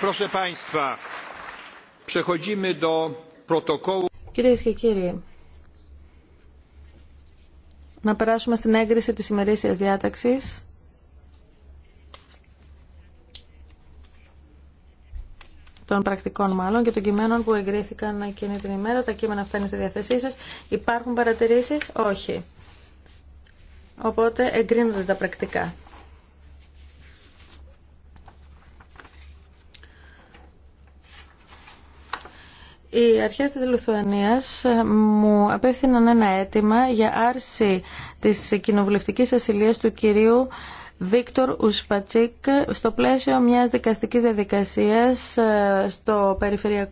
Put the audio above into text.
Proszę Κυρίες και κύριοι, να περάσουμε στην έγκριση της ημερήσιας διάταξης. των πρακτικών μάλλον και των κειμένων που εγκρίθηκαν εκείνη την ημέρα. Τα κείμενα αυτά είναι στη διαθεσή σας. Υπάρχουν παρατηρήσεις? Όχι. Οπότε εγκρίνονται τα πρακτικά. Οι αρχές της Λουθουανίας ε, μου απέφθηναν ένα αίτημα για άρση της κοινοβουλευτική ασυλίας του κυρίου Βίκτορ Ουσπατσίκ στο πλαίσιο μιας δικαστικής διαδικασίας ε, στο περιφερειακό